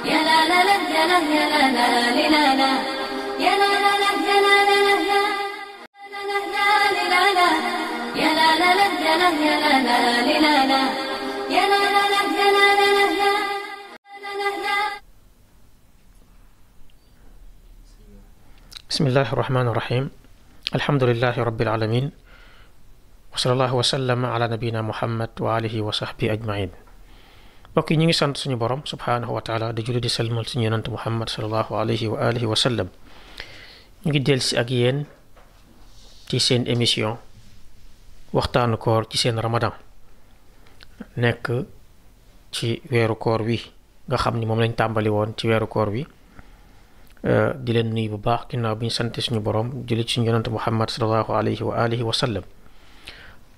بسم الله الرحمن الرحيم الحمد لله رب العالمين وصلى الله وسلم على نبينا محمد وآله وصحبه أجمعين mbokk yi ñu ngi sant suñu borom subhaanahu wa taala di julli di salmal suñu yonant muhammad salallahu alayhi wa alihi wa sallam ñu ngi dellusi ak yéen ci seen émission waxtaanu koor ci seen ramadan nekk ci weeru koor wi nga xam ni moom lañ tàmbali woon ci weeru koor wi euh, di leen nuyu bu baax ginnaaw bi ñu sant suñu borom julli ci suñu yonant muhammad salallahu alayhi wa alihi wa sallam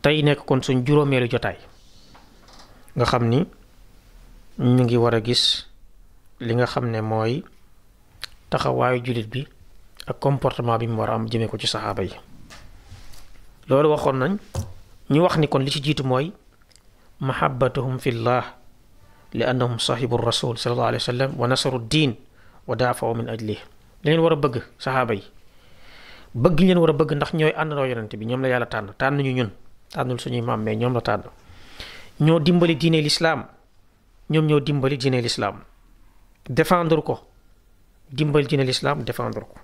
tey nekk kon suñ juróomeelu jotaay nga xam ni ñu ngi war a gis li nga xam ne mooy taxawaayu jullit bi ak comportement bi mu war a am jëmee ko ci saxaaba yi loolu waxoon nañ ñu wax ni kon li ci jiitu mooy mahabbatuhum fillah li annahum sahibu rasul sallallahu alayhi wa sallam wa nasaru din wa daafaw min ajlih li leen war a bëgg saxaaba yi bëgg leen war a bëgg ndax ñooy àndandoo yonente bi ñoom la yàlla tànn tànn ñu ñun tànnul suñuy maam mais ñoom la tànn ñoo dimbali diine lislaam ñoom ñoo dimbali diine l'islam défendre ko dimbal diine l'islam défendre ko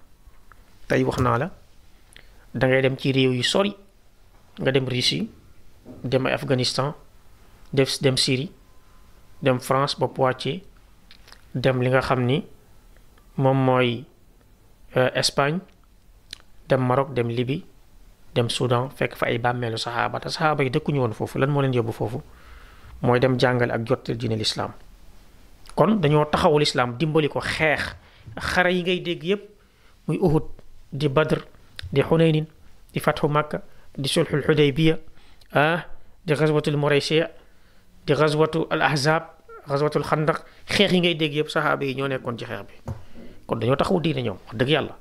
tey wax naa la da ngay dem ci réew yu sori nga dem Russie dem Afghanistan def dem Syrie dem France ba Poitiers dem li nga xam ni moom euh, Espagne dem Maroc dem Libye dem Soudan fekk fa ay bàmmeelu saxaaba te saxaaba yi dëkkuñu woon foofu lan moo leen yóbbu foofu mooy dem jàngale ak jot diine lislaam kon dañoo taxawu lislaam dimbali ko xeex xare yi ngay dégg yépp muy uhud di badr di xunaynin di fatxu makka di sulxul xudaybiya ah di xaswatul moraysia di xaswatu al ahzab xaswatul xeex yi ngay dégg yépp saxaaba yi ñoo nekkoon ci xeex bi kon dañoo taxaw diine ñoom dëgg yàlla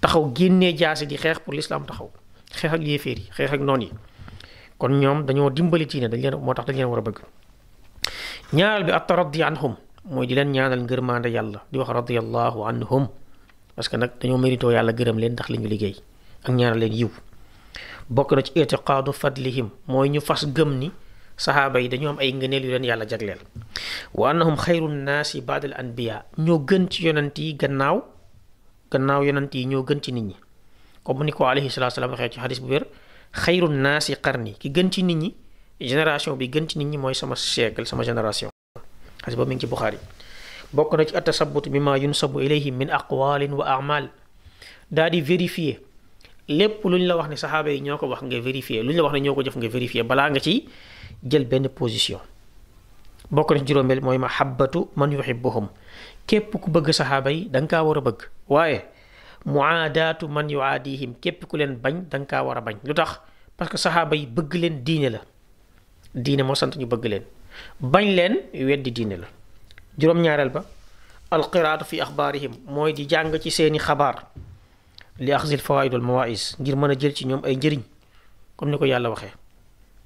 taxaw génnee jaasi di xeex pour lislaam taxaw xeex ak yéeféer yi xeex ak noon yi kon ñoom dañoo dimbali ci ne dañ leen moo tax dañ leen war a bëgg ñaaral bi at-taraddi anhum mooy di leen ñaanal ngërmaande yàlla di wax radiyallahu anhum parce que nag dañoo mérito yàlla gërëm leen ndax li ñu liggéey ak ñaanal leen yiw bokk na ci itiqaadu fadlihim mooy ñu fas gëm ni sahaaba yi dañoo am ay ngëneel yu leen yàlla jagleel wa annahum xayru naasi baad al anbiya ñoo gën ci yonent yi gannaaw gannaaw yonent yi ñoo gën ci nit ñi comme ni ko alayhi salatu waxee ci bu wér xayru naasi qarni ki gën ci nit ñi génération bi gën ci nit ñi mooy sama siècle sama génération xadis boobu mi ngi ci Buxaari bokk na ci at atasabut bi ma yunsabu ilayhim min aqwalin wa amal daa di vérifier lépp lu ñu la wax ne saxaaba yi ñoo ko wax nga vérifier lu ñu la wax ne ñoo ko jëf nga vérifier balaa nga ci jël benn position bokk na ci juróomeel mooy mahabbatu man yuhibbuhum képp ku bëgg saxaaba yi da nga kaa war a bëgg waaye muadatu man yuadihim kep ku len bagn dang ka wara bagn lutax parce que sahaba yi beug len diine la diine mo sant ñu beug len bagn len weddi diine la jurom ñaaral ba qiraatu fi akhbarihim mooy di jang ci seeni khabar li al fawaid al mawaiz ngir meuna jël ci ñom ay jëriñ comme niko yalla waxe waxee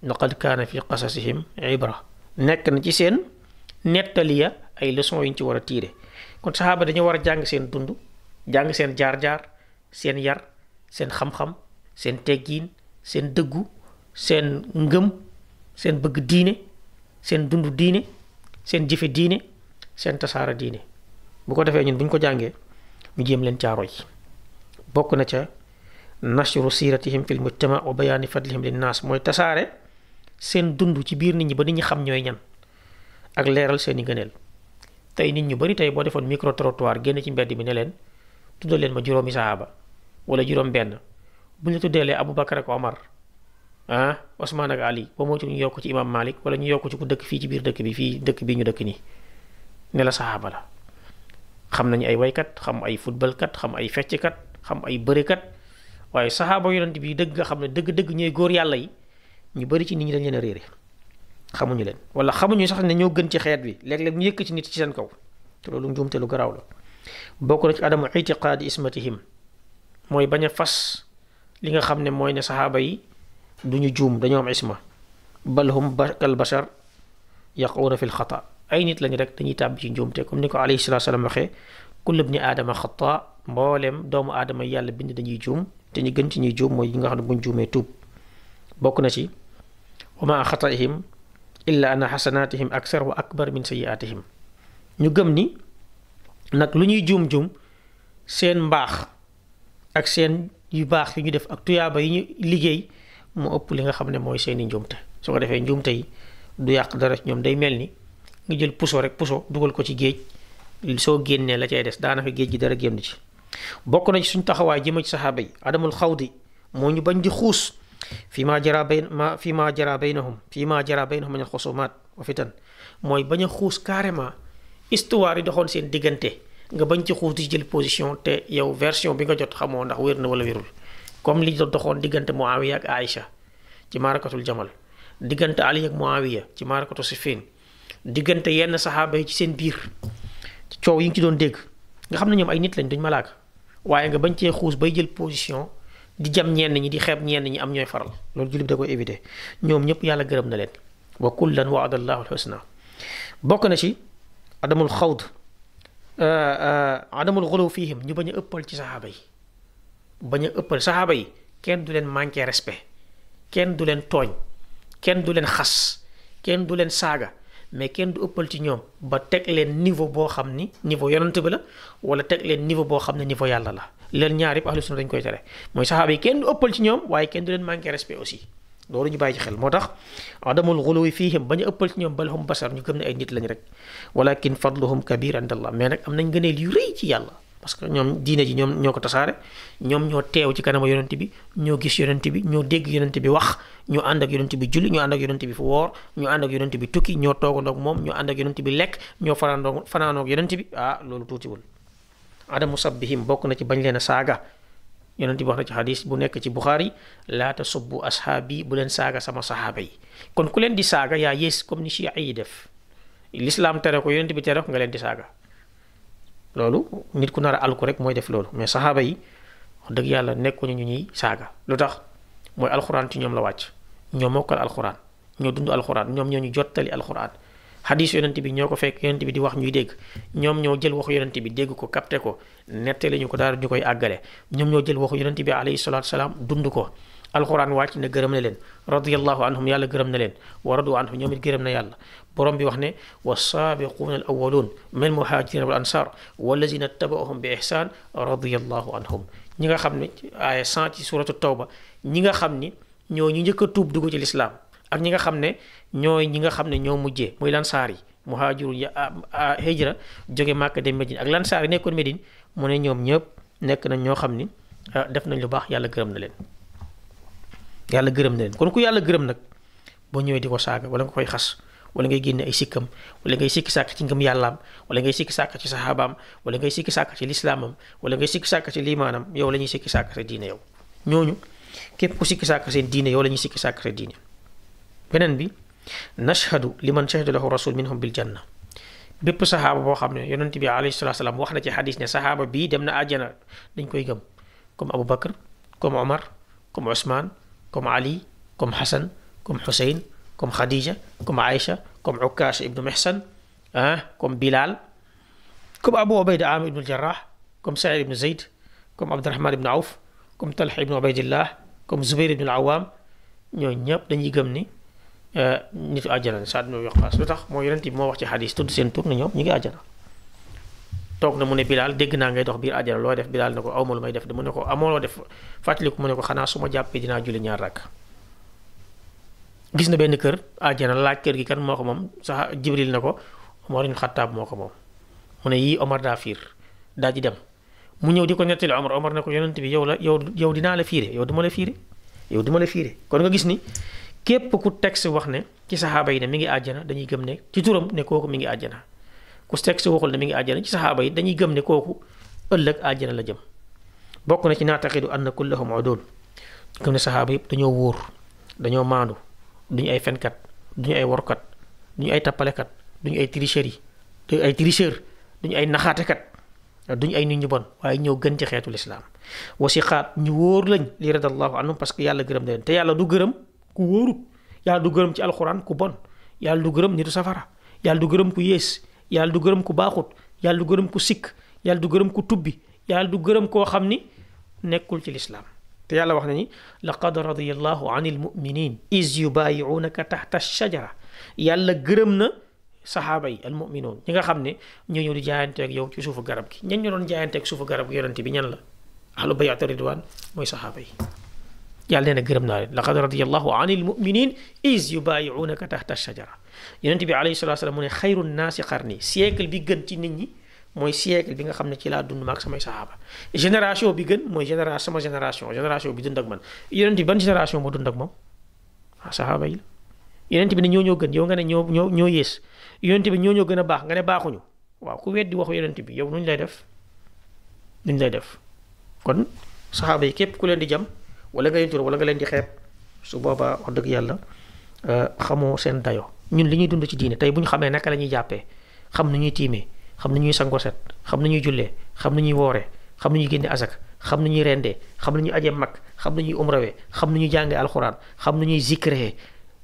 laqad kaana fi qasasihim ibra nek na ci seen nettali ya ay leçon yuñ ci wara a kon sahaba dañu wara jang seen dundu jang sen jar jar sen yar sen xam-xam sen teggiin sen deggu sen ngëm sen bëgg diine sen dundu diine sen jëfe diine sen tasaara diine bu ko defee ñun buñ ko jàngee ñu jëm leen caa roy bokk na ca nashru siratihim fil mujtama wa bayan fadlihim lin nas moy tasaare sen dundu ci bir nit ñi ba nit ñi xam ñoy ñan ak leral seeni gëneel tay nit ñu bari tay bo defon micro trottoir ci mbedd bi ne leen tuddal leen ma juróomi sahaaba wala juróom benn bu ñu la tuddalee Aboubacar ak Omar ah Ousmane ak Ali ba moo ci ñu yokk ci imam Malik wala ñu yokk ci ku dëkk fii ci biir dëkk bi fii dëkk bi ñu dëkk nii ne la sahaaba la xam nañu ay waykat xam ay footballkat xam ay fecckat xam ay bërekat waaye sahaaba yonent bi dëgg nga xam ne dëgg-dëgg ñooy góor yàlla yi ñu bari ci nit ñi dañ leen a réer xamuñu leen wala xamuñu sax na ñoo gën ci xeet bi léeg-léeg ñu ci nit ci seen kaw te loolu njuumte garaaw la bokku na ci adamu itiqad ismatihim moy baña fas li nga xamne moy ne sahaba yi duñu joom dañu am isma bal hum barkal bashar yaquuna fi khata ay nit lañu rek dañuy tab ci njuumte comme niko alayhi salatu wasallam waxe kullu ibn adama khata mbolem doomu adama yàlla bind dañuy joom te ñu gën ci ñuy joom moy yi nga xamne buñu joomé tup bokku na ci wa maa xataihim illa anna xasanaatihim aksar wa akbar min sayiatihim ñu gëm ni nag lu ñuy juum juum seen mbaax ak seen yu baax yu ñu def ak tuyaaba yu ñu liggéey mu ëpp li nga xam ne mooy seeni njuumte su ko defee njuumte yi du yàq dara ñoom day mel ni nga jël puso rek puso dugal ko ci géej soo génnee la cay des daanaka géej gi dara génn ci bokk na suñ taxawaay jëma ci saxaaba yi adamul xaw di moo ñu bañ di xuus fii maa jara bayn maa fii maa jara baynahum fii maa jara baynahum min xusumaat wa fitan mooy bañ a xuus carrément histoire yi doxoon seen diggante nga bañ ci xuus di jël position te yow version bi nga jot xamoo ndax wér na wala wérul comme li doxoon diggante Muawiya ak ay Aïcha ci maarakatul Jamal diggante Ali ak Muawiya ci maarakatu Siffin diggante yenn saxaaba yi ci seen biir coow yi nga ci doon dégg nga xam ne ñoom ay nit lañ duñ malaaka waaye nga bañ cee xuus bay jël position di jam ñenn ñi di xeeb ñenn ñi am ñooy faral loolu jullit da koy éviter ñoom ñëpp yàlla gërëm na leen wa kullan waadallahu alxusna bokk na ci adamul xawd adamul xolow fiihim ñu bañ a ëppal ci saxaaba yi bañ a ëppal saxaaba yi kenn du leen manqué respect kenn du leen tooñ kenn du leen xas kenn du leen saaga mais kenn du ëppal ci ñoom ba teg leen niveau boo xam ni niveau yonent bi la wala teg leen niveau boo xam ne niveau yàlla la leen ñaar yëpp ahlu sunna dañ koy tere mooy saxaaba yi kenn du ëppal ci ñoom waaye kenn du leen manqué respect aussi loolu ñu bàyyi ci xel moo tax adamul xuluwi fiihim ba ñu ëppal ci ñoom bal hum basar ñu gëm ne ay nit lañ rek walakin fadluhum kabir ind allah mais nag am nañ ngëneel yu rëy ci yàlla parce que ñoom diine ji ñoom ñoo ko tasaare ñoom ñoo teew ci kanama yonent bi ñoo gis yonent bi ñoo dégg yonent bi wax ñoo ànd ak yonent bi julli ñoo ànd ak yonent bi fu woor ñoo ànd ak yonent bi tukki ñoo toogandoog moom ñoo ànd ak yonent bi lekk ñoo fanaandoog fanaanoo yonent bi ah loolu tuutiwul adamu sabbihim bokk na ci bañ leen a saaga yonent bi wax na ci xadis bu nekk ci buxaari laa tasubbu ashaabi bu leen saaga sama saxaaba yi kon ku leen di saaga yaa yées comme ni chia yi def lislaam tere ko yonent bi tere ko nga leen di saaga loolu nit ku nar a alku rek mooy def loolu mais saxaaba yi wax dëgg yàlla nekkuñu ñu ñuy saaga lu tax mooy alxuraan ci ñoom la wàcc ñoo mokkal alxuraan ñoo dund alxuraan ñoom ñoo ñu jottali alxuraan hadith yonent bi ñoko ko fekk yonent bi di wax ñuy deg ñom ñoo jël waxu yonent bi deg ko capté ko netté lañu ko daal ñukoy agalé ñom ñoo jël waxu yonent bi alayhi salatu salaam dund ko alquran wàcc na gërëm na leen radiyallahu anhum yàlla gërëm na leen waradu anhum ñoom gërëm na yàlla borom bi wax ne wassaabiquuna al awwaluun min muhajirin wal ansaar wallazina tabauhum bi ihsan radiyallahu anhum ñi nga xamni ay 100 ci suratu tawba ñi nga xamni ñoo ñu ñëk tuub duggu ci l'islam ak ñi nga xamne ñooy ñi nga xam ne ñoo mujjee muy lansaar yi muhaajiru ya hijra jóge Màkka dem Medine ak lansaar yi nekkoon medin mu ne ñoom ñëpp nekk nañ ñoo xam ni ah, def nañ lu baax yàlla gërëm na leen yàlla gërëm na leen kon ku yàlla gërëm nag boo ñëwee di ko saaga wala nga koy xas wala ngay génne ay sikkam wala ngay sikki sàkk ci ngëm yàllaam wala ngay sikki sàkk ci saxaabaam wala ngay sikki sàkk ci lislaamam wala ngay sikki sàkk ci liimaanam yow la ñuy sikki sàkk sa diine yow ñooñu képp ku sikki sàkk seen diine la ñuy sikki sàkk sa نشهد لمن شهد له رسول منهم بالجنة بيب صحابة بخامنة يونان عليه الصلاة والسلام وحنا تي حديثنا صحابة بي دمنا أجنة دينكو يقم كم أبو بكر كم عمر كم عثمان كم علي كم حسن كم حسين كم خديجة كم عائشة كم عكاش ابن محسن أه؟ كم بلال كم أبو عبيد عام ابن الجراح كم سعيد ابن زيد كم عبد الرحمن ابن عوف كم طلح ابن عبيد الله كم زبير ابن العوام ñoo ñëpp dañuy gëm Euh, nitu àjjana la Saad ibn Waqqaas lu tax mooy yonent bi moo wax ci xadis tudd seen tur ne ñoom ñu ngi àjjana toog na mu ne Bilaal dégg naa ngay dox biir àjjana looy def Bilaal ne ko awma lu may def de mu ne ko amoo loo def fàttaliku mu ne ko xanaa su jàppee dinaa julli ñaar rakk na benn kër àjjana laaj kër gi kan moo ko moom sax na ko Omar ibn Xattaab ko moom mu ne yii fiir daa di dem mu di ko nettali Omar Omar ko yonent bi yow la yow yow dinaa la fiire yow duma la fiire yow duma la fiire kon nga gis ni képp ku texte wax ne ci saxaaba yi ne mi ngi àjjana dañuy gëm ne ci turam ne kooku mi ngi àjjana ku texte waxul ne mi ngi àjjana ci saxaaba yi dañuy gëm ne kooku ëllëg àjjana la jëm bokk na ci naata naataqidu anna kullahum udul gëm ne saxaaba yëpp dañoo wóor dañoo maandu duñu ay fenkat duñu ay workat duñu ay tappalekat duñu ay tricheurs yi ay tricheurs duñ ay naxaatekat duñu ay nit ñu bon waaye ñëw gën ci xeetu lislaam wasiqaat ñu wóor lañ li radallahu anhum parce que yàlla gërëm na te yàlla du gërëm ku wóorut yàlla du gërëm ci alxuraan ku bon yàlla du gërëm nitu safara yàlla du gërëm ku yées yàlla du gërëm ku baaxut yàlla du gërëm ku sikk yàlla du gërëm ku tubbi yàlla du gërëm koo xam ni nekkul ci lislaam te yàlla wax na ni laqad radiyallahu anil muminin is yubayiunaka taxta shajara yàlla gërëm na saxaaba yi al muminoon ñi nga xam ne ñoo ñëw di jaayanteeg yow ci suufu garab gi ñan ñu doon jaayanteeg suufu garab gi yonente bi ñan la ahlu bayatu ridwan mooy saxaaba يالنا غرمنا لقد رضي الله عن المؤمنين إذ يبايعونك تحت الشجرة ينتبه عليه الصلاة والسلام خير الناس قرني سيكل بيغن تنيني نيني موي سيكل بيغا خامني دون ماكس دوند ماك ساماي صحابه جينيراسيون بيغن ما جينيراسيون جينيراسيون بي دوند ينتبه بان جينيراسيون مو دوند موم صحابه يل ينتبه ني ньоño گن يو گنا ньо ньо ييس ينتبه ньоño گنا باخ گنا باخو ньо واو كو ويدي واخو ينتبه يو نون لاي ديف نون لاي ديف كون صحابه كيب wala nga leen wala nga leen di xeeb su boobaa wax dëgg yàlla xamoo seen dayo ñun li ñuy dund ci diine tey bu ñu xamee naka la ñuy jàppee xam nu ñuy tiimee xam nu ñuy sangoo set xam nu ñuy jullee xam nu ñuy wooree xam nu ñuy génne asak xam nu ñuy rendee xam nu ñuy ajee mag xam nu ñuy umrawee xam nu ñuy jàngee alxuraan xam nu ñuy zikree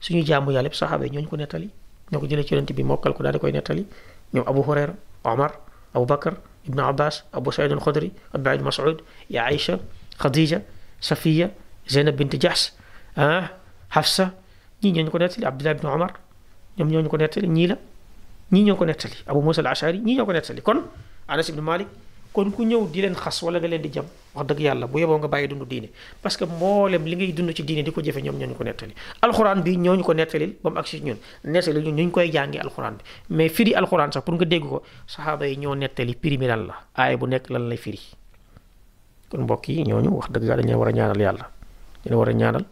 suñu jaamu yàlla yëpp saxaaba yi ñooñu ko nettali ñoo ko jëlee ci yonent bi mokkal ko daal di koy nettali ñoom Abu Hurayra Omar Abu Bakar Ibn Abbas Abu Saïd al Xudri Abdullah ibn Mas'ud ya Aïcha Khadija Safiya Zainab bint Jahsh ah Hafsa ñii ñoo ñu ko nettali Abdullah ibn Omar ñoom ñoo ñu ko nettali ñii la ñii ñoo ko nettali Abu Musa al-Ashari ñii ñoo ko nettali kon Anas ibn Malik kon ku ñëw di leen xas wala nga leen di jam wax dëgg yàlla bu yeboo nga bàyyi dund diine parce que mboolem li ngay dund ci diine di ko jëfe ñoom ñoo ñu ko nettali alxuraan bi ñoo ñu ko nettalil ba mu agsi ci ñun nettali ñun ñu koy jàngi alxuraan bi mais firi alxuraan sax pour nga dégg ko saxaaba yi ñoo nettali firi mi lan la aaya bu nekk lan lay firi kon mbokk yi ñooñu wax dëgg yàlla dañ leen war a ñaanal yàlla dina war a ñaanal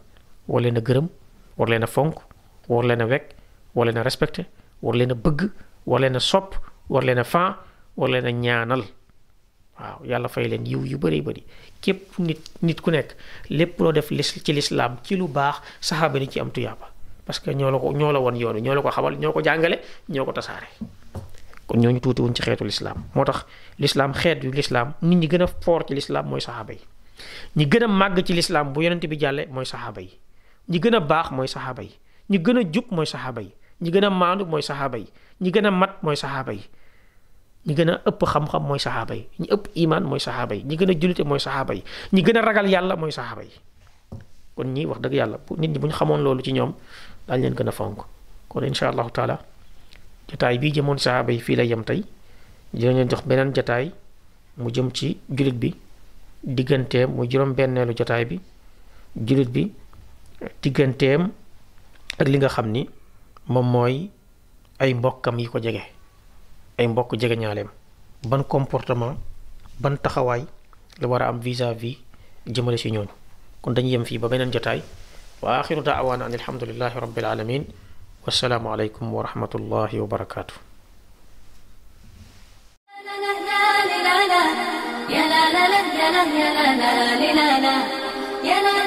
war leen a gërëm war leen a fonk war leen a wekk war leen a respecté war leen a bëgg war leen a sopp war leen a faa war leen a ñaanal waaw yàlla fay leen yiw yu bëree bëri képp nit nit ku nekk lépp loo def lis ci lislaam ci lu baax saxaaba ni ci am tuyaaba parce que ñoo la ko ñoo la won yoonu ñoo la ko xamal ñoo ko jàngale ñoo ko tasaare kon ñooñu tuuti wuñ ci xeetu lislaam moo tax lislaam xeet yu lislaam nit ñi gën a ci lislaam mooy saxaaba yi ñi gën a màgg ci lislaam bu yonent bi jàlle mooy saxaaba yi ñi gën a baax mooy saxaaba yi ñi gën a jub mooy saxaaba yi ñi gën a maandu mooy saxaaba yi ñi gën a mat mooy saxaaba yi ñi gën a ëpp xam-xam mooy saxaaba yi ñi ëpp imaan mooy saxaaba yi ñi gën a jullite mooy saxaaba yi ñi gën a ragal yàlla mooy saxaaba yi kon ñi wax dëgg yàlla nit ñi bu ñu xamoon loolu ci ñoom daañu leen gën a fonk kon incha allahu taala jataay bii jëmoon saxaaba yi fii la yem tey dinañ jox beneen jataay mu jëm ci jullit bi digganteem mu juróom-benneelu jotaay bi jullit bi digganteem ak li nga xam ni moom mooy ay mbokkam yi ko jege ay mbokk jege ñaaleem ban comportement ban taxawaay la war a am vis-à-vis jëmale si ñooñu kon dañu yem fii ba beneen jotaay wa axiru daawaana an alhamdulillahi rabbil alamin wassalaamu aleykum wa rahmatullahi wa barakaatu لنا لا لا لا يا لا